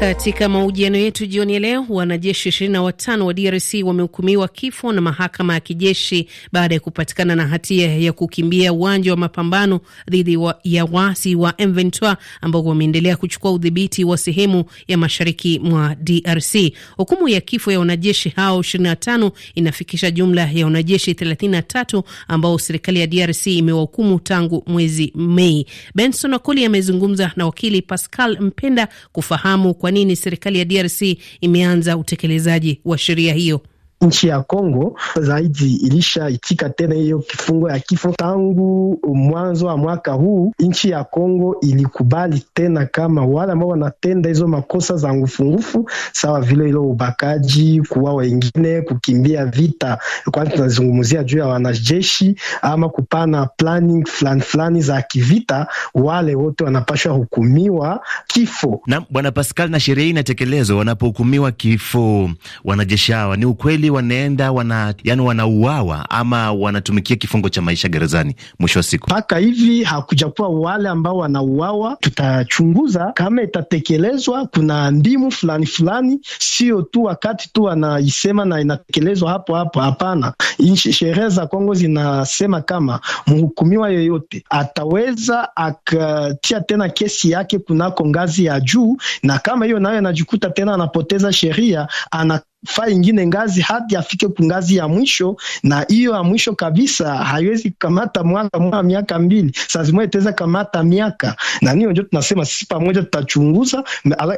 Katika mahojiano yetu jioni ya leo, wanajeshi 25 wa DRC wamehukumiwa kifo na mahakama ya kijeshi baada ya kupatikana na hatia ya kukimbia uwanja wa mapambano dhidi wa, ya waasi wa M23 ambao wameendelea kuchukua udhibiti wa sehemu ya mashariki mwa DRC. Hukumu ya kifo ya wanajeshi hao 25 inafikisha jumla ya wanajeshi 33 ambao serikali ya DRC imewahukumu tangu mwezi Mei. Benson Wakoli amezungumza na wakili Pascal Mpenda kufahamu kwa nini serikali ya DRC imeanza utekelezaji wa sheria hiyo? nchi ya Kongo zaidi ilishaitika tena hiyo kifungo ya kifo. Tangu mwanzo wa mwaka huu nchi ya Kongo ilikubali tena kama wale ambao wanatenda hizo makosa za ngufungufu sawa vile ilo ubakaji, kuwa wengine, kukimbia vita, kwani tunazungumzia juu ya wanajeshi ama kupana planning fulani flani za kivita, wale wote wanapashwa hukumiwa kifo. Na bwana Pascal, na sheria hii inatekelezwa wanapohukumiwa kifo wanajeshi hawa, ni ukweli wawili wanaenda wana, yani wanauawa ama wanatumikia kifungo cha maisha gerezani. Mwisho wa siku mpaka hivi hakujakuwa wale ambao wanauawa. Tutachunguza kama itatekelezwa. Kuna ndimu fulani fulani, sio tu wakati tu wanaisema na inatekelezwa hapo hapo, hapana. Sheria za Kongo zinasema kama mhukumiwa yoyote ataweza akatia tena kesi yake kunako ngazi ya juu, na kama hiyo nayo anajikuta tena anapoteza sheria ana faa ingine ngazi hadi afike ngazi ya mwisho, na hiyo ya mwisho kabisa haiwezi kamata mwaka mwa miaka mbili, saa itaweza kamata miaka, na niyo ndio tunasema sisi pamoja tutachunguza,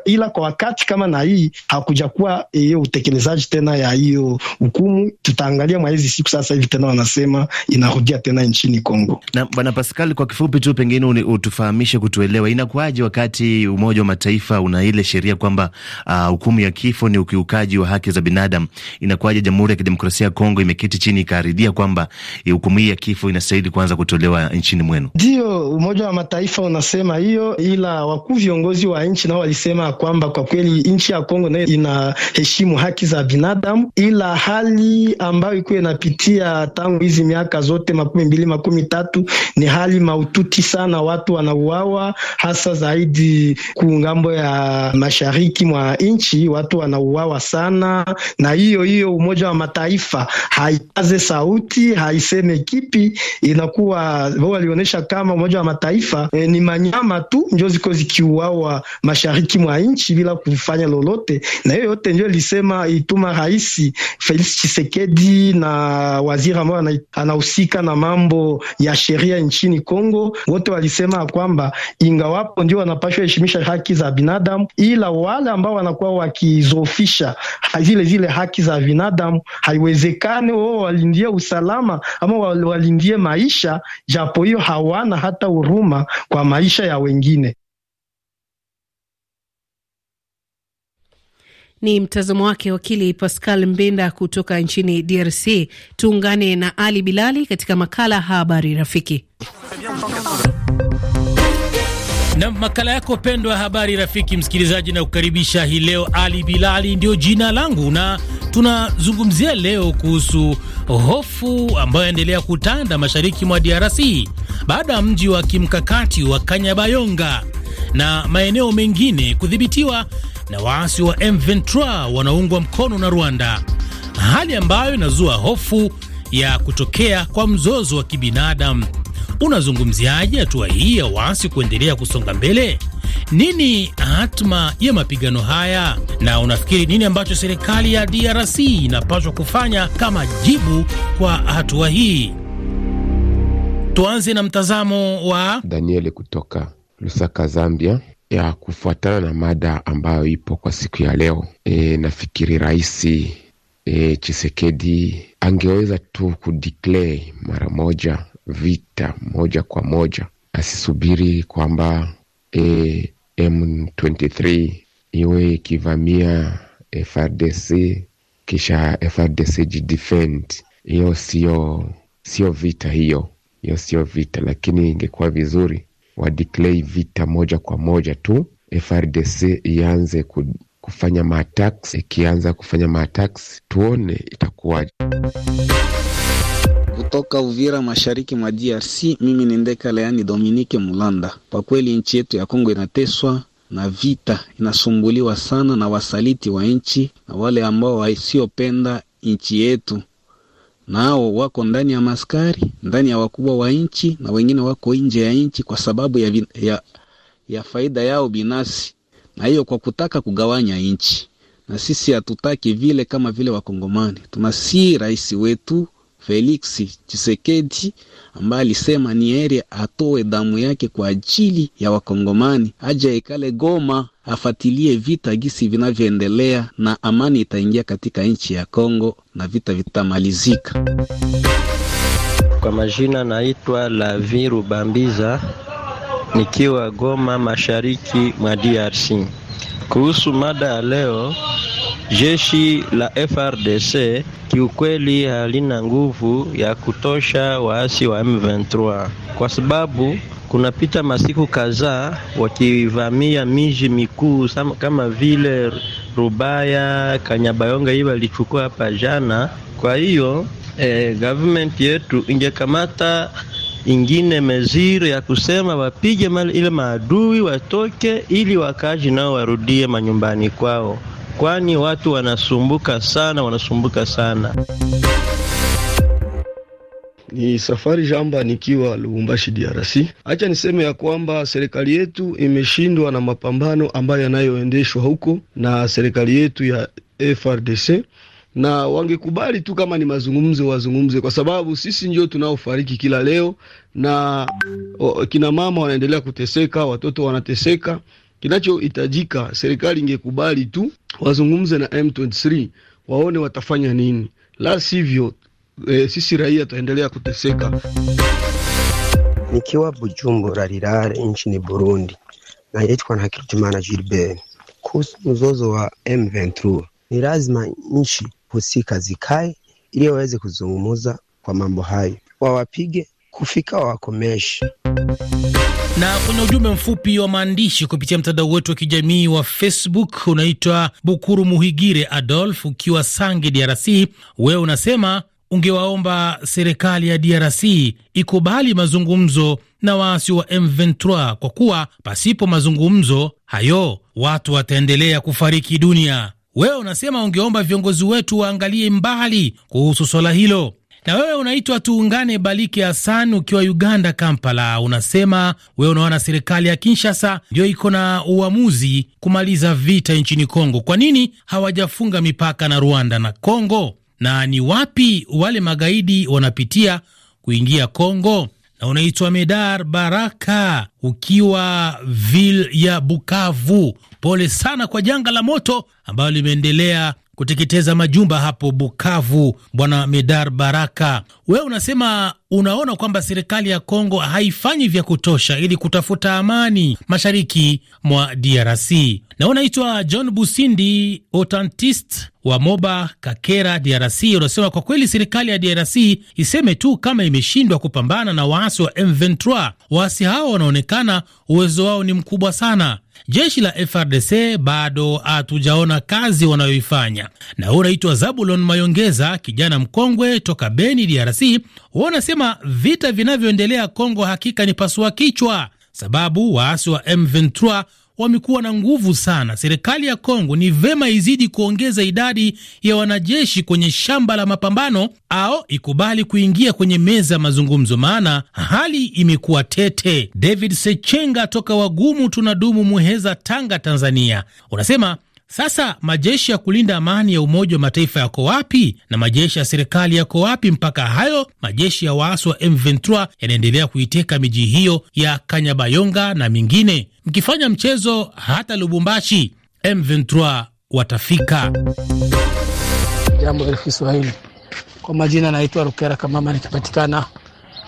ila kwa wakati kama na hii hakuja kuwa eh, hiyo utekelezaji tena ya hiyo hukumu, tutaangalia mwa siku sasa hivi tena wanasema inarudia tena nchini Kongo. Na bwana Pascal, kwa kifupi tu pengine utufahamishe kutuelewa, inakuwaje wakati Umoja wa Mataifa una ile sheria kwamba ah, hukumu uh, ya kifo ni ukiukaji wa haki za binadamu, inakuwaje Jamhuri ya Kidemokrasia ya Kongo imeketi chini ikaridhia kwamba hukumu hii ya kifo inastahili kuanza kutolewa nchini mwenu? Ndio Umoja wa Mataifa unasema hiyo, ila wakuu viongozi wa nchi nao walisema kwamba kwa kweli nchi ya Kongo nayo inaheshimu haki za binadamu, ila hali ambayo ilikuwa inapitia tangu hizi miaka zote makumi mbili makumi tatu ni hali maututi sana, watu wanauawa hasa zaidi ku ngambo ya mashariki mwa nchi, watu wanauawa sana na hiyo hiyo Umoja wa Mataifa haipaze sauti, haiseme kipi, inakuwa wao walionyesha kama Umoja wa Mataifa e, ni manyama tu ndio ziko zikiuawa mashariki mwa nchi bila kufanya lolote, na hiyo yote ndio ilisema ituma Rais Felix Tshisekedi na waziri ambao anahusika na mambo ya sheria nchini Kongo, wote walisema kwamba ingawapo ndio wanapashwa heshimisha haki za binadamu, ila wale ambao wanakuwa wakizofisha zile zile haki za binadamu. Haiwezekani wao walindie usalama ama walindie maisha, japo hiyo hawana hata huruma kwa maisha ya wengine. Ni mtazamo wake wakili Pascal Mbinda kutoka nchini DRC. Tuungane na Ali Bilali katika makala Habari Rafiki na makala yako pendwa ya habari rafiki msikilizaji, na kukaribisha hii leo. Ali Bilali ndio jina langu, na tunazungumzia leo kuhusu hofu ambayo yaendelea kutanda mashariki mwa DRC baada ya mji wa kimkakati wa Kanyabayonga na maeneo mengine kudhibitiwa na waasi wa M23 wanaoungwa mkono na Rwanda, hali ambayo inazua hofu ya kutokea kwa mzozo wa kibinadamu Unazungumziaje hatua hii ya waasi kuendelea kusonga mbele? Nini hatma ya mapigano haya, na unafikiri nini ambacho serikali ya DRC inapaswa kufanya kama jibu kwa hatua hii? Tuanze na mtazamo wa Daniel kutoka Lusaka, Zambia, ya kufuatana na mada ambayo ipo kwa siku ya leo. E, nafikiri raisi e, Chisekedi angeweza tu kudeclare mara moja vita moja kwa moja, asisubiri kwamba e, M23 iwe ikivamia FRDC kisha FRDC jidefend. Hiyo sio sio vita, hiyo hiyo sio vita, lakini ingekuwa vizuri wadiklei vita moja kwa moja tu, FRDC ianze kufanya maatax. Ikianza kufanya maatax, tuone itakuwaje kutoka Uvira, mashariki mwa DRC. Mimi ni Ndeka Leani Dominike Mulanda. Kwa kweli nchi yetu ya Kongo inateswa na vita, inasumbuliwa sana na wasaliti wa nchi na wale ambao wasiopenda nchi yetu, nao wako ndani ya maskari, ndani ya wakubwa wa nchi, na wengine wako nje ya nchi kwa sababu ya, ya, ya faida yao binafsi, na hiyo kwa kutaka kugawanya nchi. Na sisi hatutaki vile, kama vile Wakongomani tunasii rais wetu Felix Tshisekedi ambaye alisema ni heri atoe damu yake kwa ajili ya Wakongomani, aje ikale Goma afatilie vita gisi vinavyoendelea, na amani itaingia katika nchi ya Kongo na vita vitamalizika. Kwa majina naitwa Laviru Bambiza nikiwa Goma, mashariki mwa DRC. Kuhusu mada ya leo Jeshi la FRDC kiukweli halina nguvu ya kutosha waasi wa M23 kwa sababu kunapita masiku kadhaa wakivamia miji mikuu kama vile Rubaya, Kanyabayonga, hii walichukua hapa jana. Kwa hiyo eh, government yetu ingekamata ingine meziri ya kusema wapige mali ile maadui watoke, ili wakaji nao warudie manyumbani kwao kwani watu wanasumbuka sana, wanasumbuka sana. Ni safari jamba nikiwa Lubumbashi, DRC. Acha niseme ya kwamba serikali yetu imeshindwa na mapambano ambayo yanayoendeshwa huko na serikali yetu ya FRDC na wangekubali tu kama ni mazungumzo wazungumze, kwa sababu sisi ndio tunaofariki kila leo, na kina mama wanaendelea kuteseka, watoto wanateseka Kinachohitajika, serikali ingekubali tu wazungumze na M23 waone watafanya nini, la sivyo e, sisi raia tutaendelea kuteseka. Nikiwa Bujumbura Lirare nchini Burundi, naitwa na Hakirutimana Gilbert. Kuhusu mzozo wa M23, ni lazima nchi husika zikae ili waweze kuzungumuza kwa mambo hayo, wawapige kufika meshi Na kwenye ujumbe mfupi wa maandishi kupitia mtandao wetu wa kijamii wa Facebook, unaitwa Bukuru Muhigire Adolf, ukiwa Sange DRC, wewe unasema ungewaomba serikali ya DRC ikubali mazungumzo na waasi wa M23 kwa kuwa pasipo mazungumzo hayo watu wataendelea kufariki dunia. Wewe unasema ungeomba viongozi wetu waangalie mbali kuhusu swala hilo. Na wewe unaitwa Tuungane Baliki Hassan ukiwa Uganda, Kampala, unasema wewe unaona serikali ya Kinshasa ndio iko na uamuzi kumaliza vita nchini Kongo. Kwa nini hawajafunga mipaka na Rwanda na Kongo? Na ni wapi wale magaidi wanapitia kuingia Kongo? Na unaitwa Medar Baraka ukiwa vil ya Bukavu, pole sana kwa janga la moto ambalo limeendelea kuteketeza majumba hapo Bukavu. Bwana Medar Baraka, wewe unasema unaona kwamba serikali ya Kongo haifanyi vya kutosha ili kutafuta amani mashariki mwa DRC na unaitwa John Busindi Otantist wa Moba Kakera, DRC. Unasema kwa kweli serikali ya DRC iseme tu kama imeshindwa kupambana na waasi wa M23. Waasi hao wanaonekana uwezo wao ni mkubwa sana. Jeshi la FRDC bado hatujaona kazi wanayoifanya. Na huu unaitwa Zabulon Mayongeza, kijana mkongwe toka Beni, DRC. unasema vita vinavyoendelea Kongo hakika ni pasua kichwa, sababu waasi wa M23 wamekuwa na nguvu sana. Serikali ya Kongo ni vema izidi kuongeza idadi ya wanajeshi kwenye shamba la mapambano au ikubali kuingia kwenye meza ya mazungumzo, maana hali imekuwa tete. David Sechenga toka Wagumu tunadumu Muheza, Tanga, Tanzania unasema sasa majeshi ya kulinda amani ya Umoja wa Mataifa yako wapi na majeshi ya serikali yako wapi? Mpaka hayo majeshi ya waasi wa M23 yanaendelea kuiteka miji hiyo ya Kanyabayonga na mingine. Mkifanya mchezo hata Lubumbashi, M23 watafika. Jambo la Kiswahili, kwa majina naitwa Rukera Kamama, nikipatikana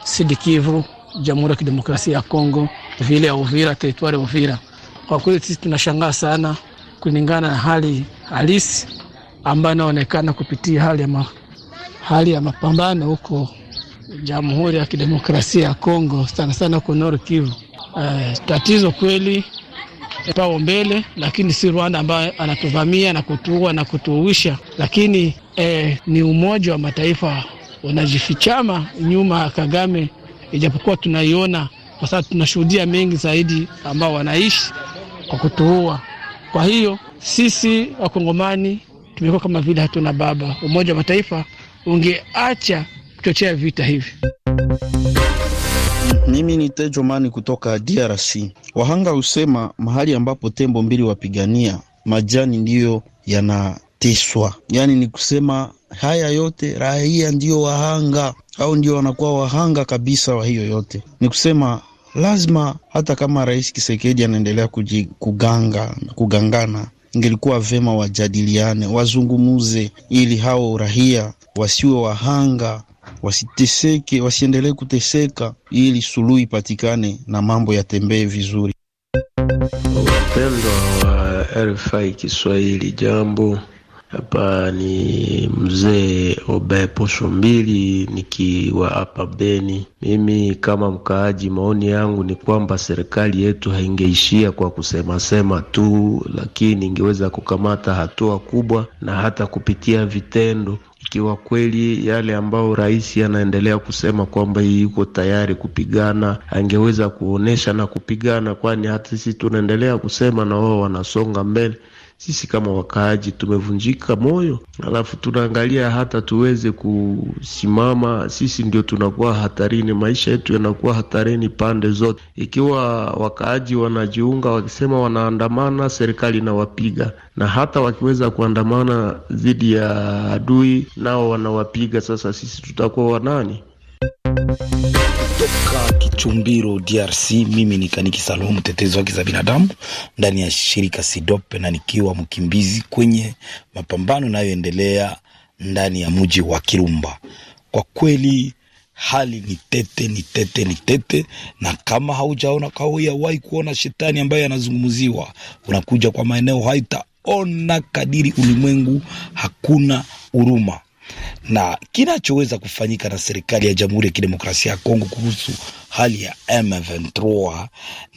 Sidikivu, Jamhuri ya Kidemokrasia ya Kongo, vile ya Uvira, teritwari ya Uvira. Kwa kweli sisi tunashangaa sana kulingana na hali halisi ambayo inaonekana kupitia hali ya, ma, hali ya mapambano huko Jamhuri ya Kidemokrasia ya Kongo, sana sana huko Nord Kivu. Eh, tatizo kweli pao mbele, lakini si Rwanda ambayo anatuvamia na kutuua na kutuuisha, lakini eh, ni Umoja wa Mataifa unajifichama nyuma ya Kagame, ijapokuwa tunaiona kwa sababu tunashuhudia mengi zaidi ambao wanaishi kwa kutuua kwa hiyo sisi Wakongomani tumekuwa kama vile hatuna baba. Umoja wa Mataifa ungeacha kuchochea vita hivi. Mimi ni Tejomani kutoka DRC. Wahanga husema mahali ambapo tembo mbili wapigania majani ndiyo yanateswa, yaani ni kusema haya yote raia ndiyo wahanga au ndio wanakuwa wahanga kabisa wa hiyo yote. Ni kusema lazima, hata kama Rais Kisekedi anaendelea kuganga kugangana, ingelikuwa vema wajadiliane, wazungumuze, ili hao rahia wasiwe wahanga wasiteseke wasiendelee kuteseka, ili suluhu ipatikane na mambo yatembee vizuri. Wapendwa wa RFI Kiswahili, jambo. Hapa ni mzee Obae Posho Mbili nikiwa hapa Beni. Mimi kama mkaaji, maoni yangu ni kwamba serikali yetu haingeishia kwa kusemasema tu, lakini ingeweza kukamata hatua kubwa na hata kupitia vitendo ikiwa kweli yale ambayo rais anaendelea kusema kwamba yuko tayari kupigana, angeweza kuonyesha na kupigana, kwani hata sisi tunaendelea kusema na wao wanasonga mbele sisi kama wakaaji tumevunjika moyo, alafu tunaangalia hata tuweze kusimama, sisi ndio tunakuwa hatarini, maisha yetu yanakuwa hatarini pande zote. Ikiwa wakaaji wanajiunga wakisema wanaandamana, serikali inawapiga, na hata wakiweza kuandamana dhidi ya adui, nao wanawapiga. Sasa sisi tutakuwa wanani? Toka Kichumbiro, DRC. Mimi ni Kaniki Salum, mtetezi wa haki za binadamu ndani ya shirika Sidope na nikiwa mkimbizi kwenye mapambano yanayoendelea ndani ya mji wa Kirumba. Kwa kweli hali ni tete, ni tete, ni tete, na kama haujaona kauyawahi kuona shetani ambaye anazungumziwa, unakuja kwa maeneo haitaona kadiri ulimwengu hakuna huruma na kinachoweza kufanyika na serikali ya Jamhuri ya Kidemokrasia ya Kongo kuhusu hali ya M23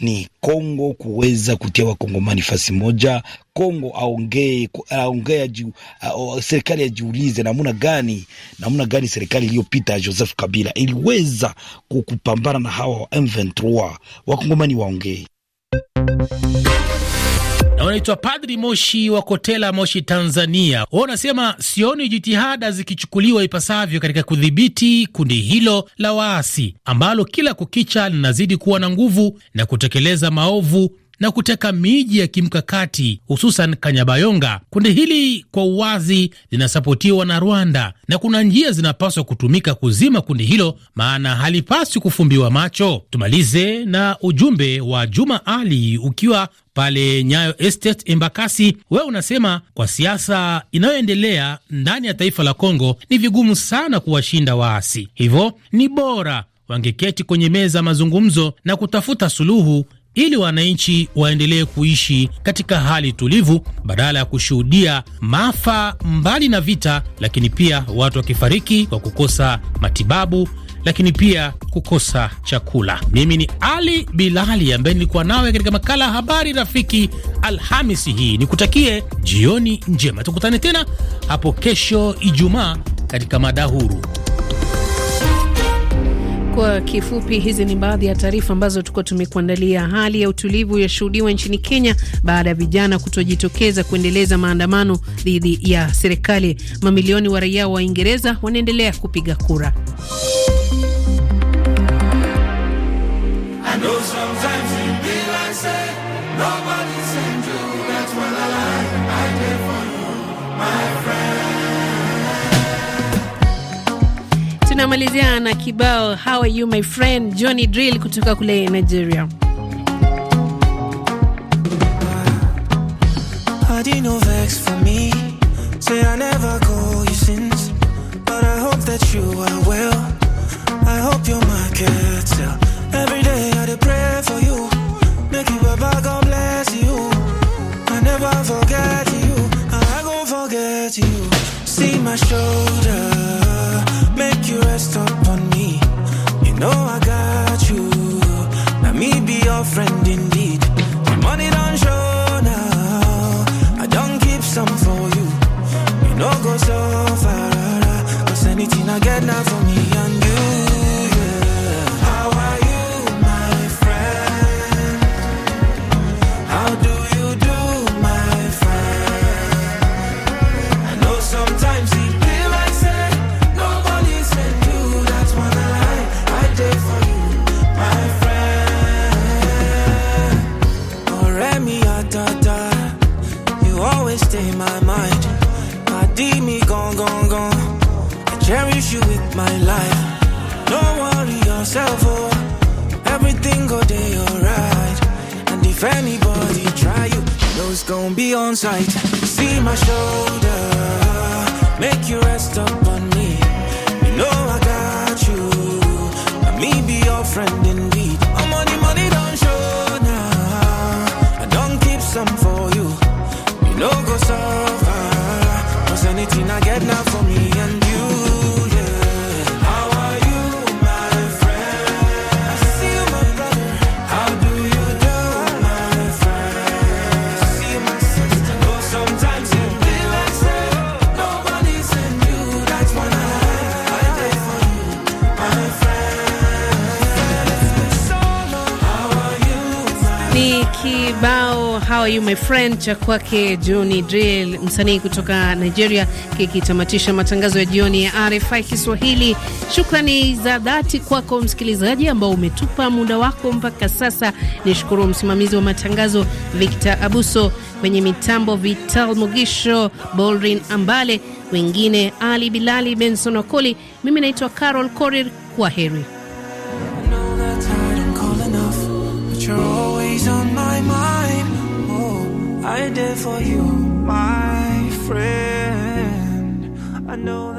ni Kongo kuweza kutia wakongomani fasi moja. Kongo aongee aongee, uh, serikali ajiulize namna gani, namna gani serikali iliyopita ya Joseph Kabila iliweza kupambana na hawa wa M23. Wakongomani waongee Wanaitwa Padri Moshi wa Kotela, Moshi, Tanzania. Wao wanasema sioni jitihada zikichukuliwa ipasavyo katika kudhibiti kundi hilo la waasi ambalo kila kukicha linazidi kuwa na nguvu na kutekeleza maovu na kuteka miji ya kimkakati hususan Kanyabayonga. Kundi hili kwa uwazi linasapotiwa na Rwanda na kuna njia zinapaswa kutumika kuzima kundi hilo, maana halipaswi kufumbiwa macho. Tumalize na ujumbe wa Juma Ali ukiwa pale Nyayo Estate Embakasi, wewe unasema kwa siasa inayoendelea ndani ya taifa la Kongo ni vigumu sana kuwashinda waasi, hivyo ni bora wangeketi kwenye meza mazungumzo na kutafuta suluhu ili wananchi waendelee kuishi katika hali tulivu badala ya kushuhudia maafa mbali na vita, lakini pia watu wakifariki kwa kukosa matibabu, lakini pia kukosa chakula. Mimi ni Ali Bilali ambaye nilikuwa nawe katika makala ya Habari Rafiki Alhamisi hii. Nikutakie jioni njema, tukutane tena hapo kesho Ijumaa katika mada huru. Kwa kifupi, hizi ni baadhi ya taarifa ambazo tulikuwa tumekuandalia. Hali ya utulivu yashuhudiwa nchini Kenya baada ya vijana kutojitokeza kuendeleza maandamano dhidi ya serikali. Mamilioni wa raia wa Uingereza wanaendelea kupiga kura. tunamalizia na kibao How are you my friend, Johnny Drill kutoka kule Nigeria. I get now for me and you. Yeah. How are you, my friend? How do you do, my friend? I know sometimes it like nobody you. I for you, my friend. you always stay in my mind. me gone, gone, gone. Cherish you with my life. Don't worry yourself, oh. Everything go day alright. And if anybody try you, know it's gonna be on sight. See my shoulder, make you rest up on me. You know I got you. Let me be your friend indeed. I'm oh, money, money don't show now. I don't keep some for you. You know go suffer. Cause anything I get now. You My Friend cha kwake Johnny Drill, msanii kutoka Nigeria, kikitamatisha matangazo ya jioni ya RFI Kiswahili. Shukrani za dhati kwako msikilizaji ambao umetupa muda wako mpaka sasa. Nishukuru msimamizi wa matangazo Victor Abuso, kwenye mitambo Vital Mugisho, Bolrin Ambale, wengine Ali Bilali, Benson Okoli. Mimi naitwa Carol Korir, kwa heri. right there for you, my friend. I know.